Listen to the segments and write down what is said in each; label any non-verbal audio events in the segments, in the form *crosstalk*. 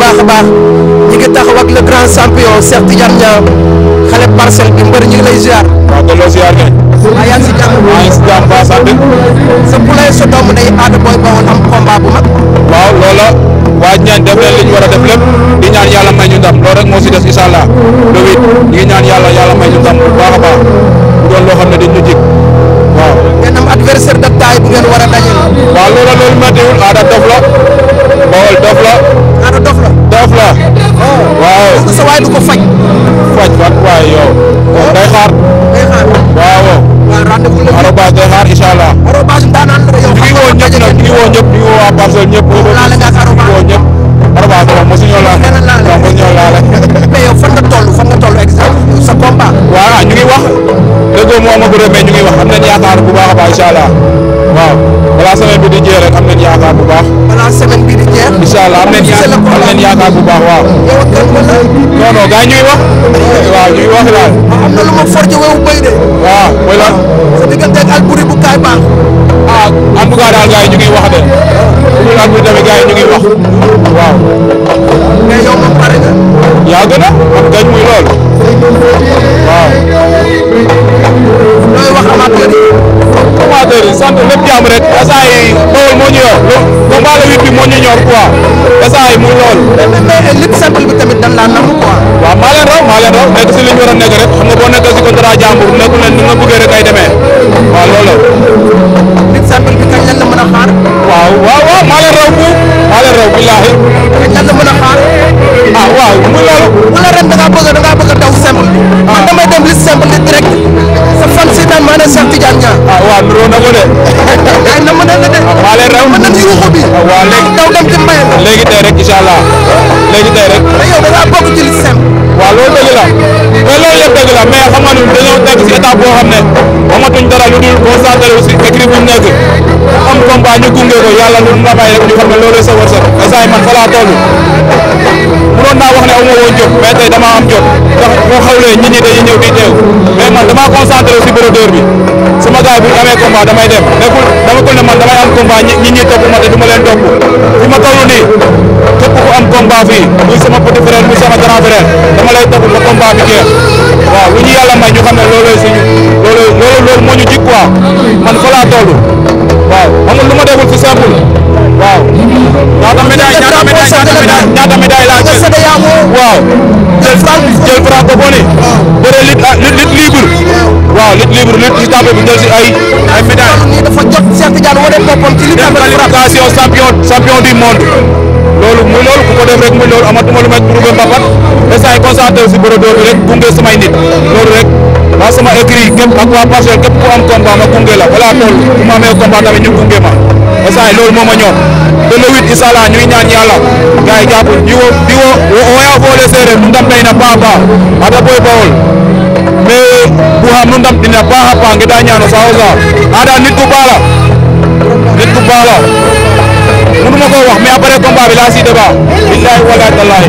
baax a baax ñi ngi taxaw ak le grand champion Cheikh Tidiane Niang xale parcelle bi mbër ñu lay ziar. waaw delloo ziar kay. waaw yaa ngi baax sant. sa poulain sa doomu day aada booy bawoon am combat bu mag. waaw loola waa ñaan def leen li ñu war def lépp di ñaan yàlla may ñu ndam loolu rek moo si des incha allah le huit ñu ñaan yàlla yàlla may ñu ndam baax baax bu doon loo xam ne dañ ñu jig waaw. ngeen am adversaire de taille bu waaw loola loolu méttiwul aada Yoff la waaw est-ce que sa waay du ko faj faj fan waay yow day xaar day xaar waaw arobase day xaar inshallah arobase daanaan la yow ñu woo ñëpp nag ñu woo ñëpp ñu woo waa parcelle ñëpp ñu woo ñëpp arobase moom mosu ñoo laale waaw mosu ñoo laale mais yow fan nga toll fan nga toll exemple sa combat waaw ñu ngi wax déggoo moo amagul mais ñu ngi wax am nañ yaakaar bu baax a baax inshallah waaw balaa semaine bi di yaakaar bu baax. balaa allah am nañ yaakaar bu baax waaw. yow ak non ñuy wax. waaw ñuy ah, am na lu ma forcé wewu béy de. waaw mooy lan. sa diggante ak Alboury bu kaay baax. ah en tout cas wax de. yaa gën a am gañ muy lool. ñu ñor quoi basaay muy loolu. mais lépp simple bi tamit dañ laa nangu quoi. waaw maa leen raw maa leen nekk si li ñu rek xam nga boo si contrat jàmbur nekkul leen ni nga bëggee rek ay demee waaw loolu lépp simple bi kañ lañ la mën a xaar. waaw waaw waaw maa leen raw fii maa leen raw billaahi. kañ ah, daw simple bi. Ah. man damay dem li simple li direct. sa fan si daan maa ne Cheikh Tidiane Niang. ah ko de. *laughs* ay na mën na la de. Ah, maa leen raw mën léegi tey rek incha allah léegi tey rek. mais yow da ngaa bokk ci li simple. loolu dëgg la loolu yëpp dëgg la mais xam nga ñun dañoo ne amatuñ dara lu dul concentré aussi écrit bu nekk am combat ñu gunge ko yàlla lu mu rek ñu xam ne loolu sa wërsëg instant man fa laa toll. naa wax ne amoo woon jot mais tey damaa am jot ndax boo xawlee nit ñi dañuy ñëw di teew mais man damaa concentré aussi brodeur bi. sama gars bu amee combat damay dem dama ko ne man damay am combat ñi topp ma te du topp fi ma toll nii képp am combat fii muy sama petit frère muy sama grand frère dama topp ba combat bi jeex waaw lu ñu yàlla may ñu xam ne looloo suñu loolu loolu loolu moo ñu man fa laa waaw amul lu ma deful fi simple waaw. ñaata médaille ñaata médaille waaw jël jël franc ko ah. ah, lit lit waaw lutte libre lutte ci table bi jël si ay ay médailles. dafa jot Cheikh Tidiane wane boppam ci lutte qualification champion champion du monde loolu muy loolu ku ko def rek muy loolu amatuma lu may prouvé mbapat instant yi concentré si bëre door bi rek gunge samay nit loolu rek waa sama écrit képp ak waa parcelle képp ku am combat ma gunge la balaa tool bu ma amee combat tamit ñu gunge ma instant yi loolu moo ma ñor te le huit incha allah ñuy ñaan yàlla gars yi jàpp di wo di wo woyaa boole séeréer ndam day na baax a baax ata boy bawol be ku xam nu ndamtin a paax a paax ngeeda ñaano saax o saax anda ah, nit ku la nit ku baax la mënuma ko wax mais après combat bi laa siide baax billahi walaay talaay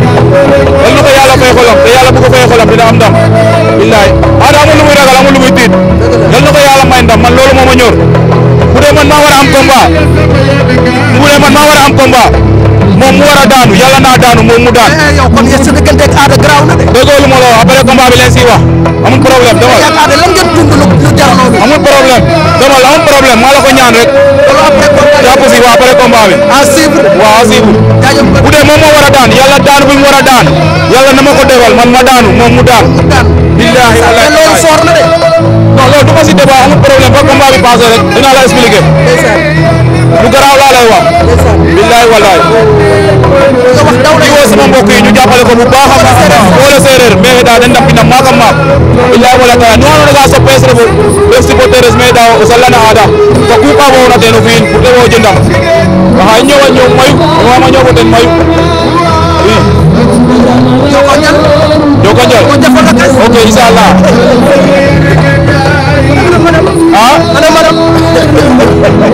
yal na ko yàlla fay xolam te yàlla bu ko fay xolam dina am ndam billahi anda ah, amul lu muy ragal amul lu muy tiit yal ko yàlla may ndam man loolu moo ma ñor man maa war a am combat mu ne man maa war a am combat moom mu war a daanu yàlla naa daanu moom mu daan. Eh, yow kon yéen sa diggante ak aada garaaw na de. ma la wax après combat bi leen rek. loolu après combat bi jàpp si bu dee moom moo war a daan daanu bi mu war a daan yàlla na ma ko defal man ma daanu moom mu daan. mu daan loolu soor de. passé rek la expliquer lu garaaw laa lay wax billaay wallaay di woo sama mbokk yi ñu jàppale ko bu baax a baax boole séeréer mais daa dañ ndapina maak a maak billaay wala kaya nu ando naga soppees refo ref supporteres mais daa o sallana ada ku ka foona ten o fi'in pour te wo jënda waxa mayu o waama ñoow ten mayu i joko ok inshallah ah ana madam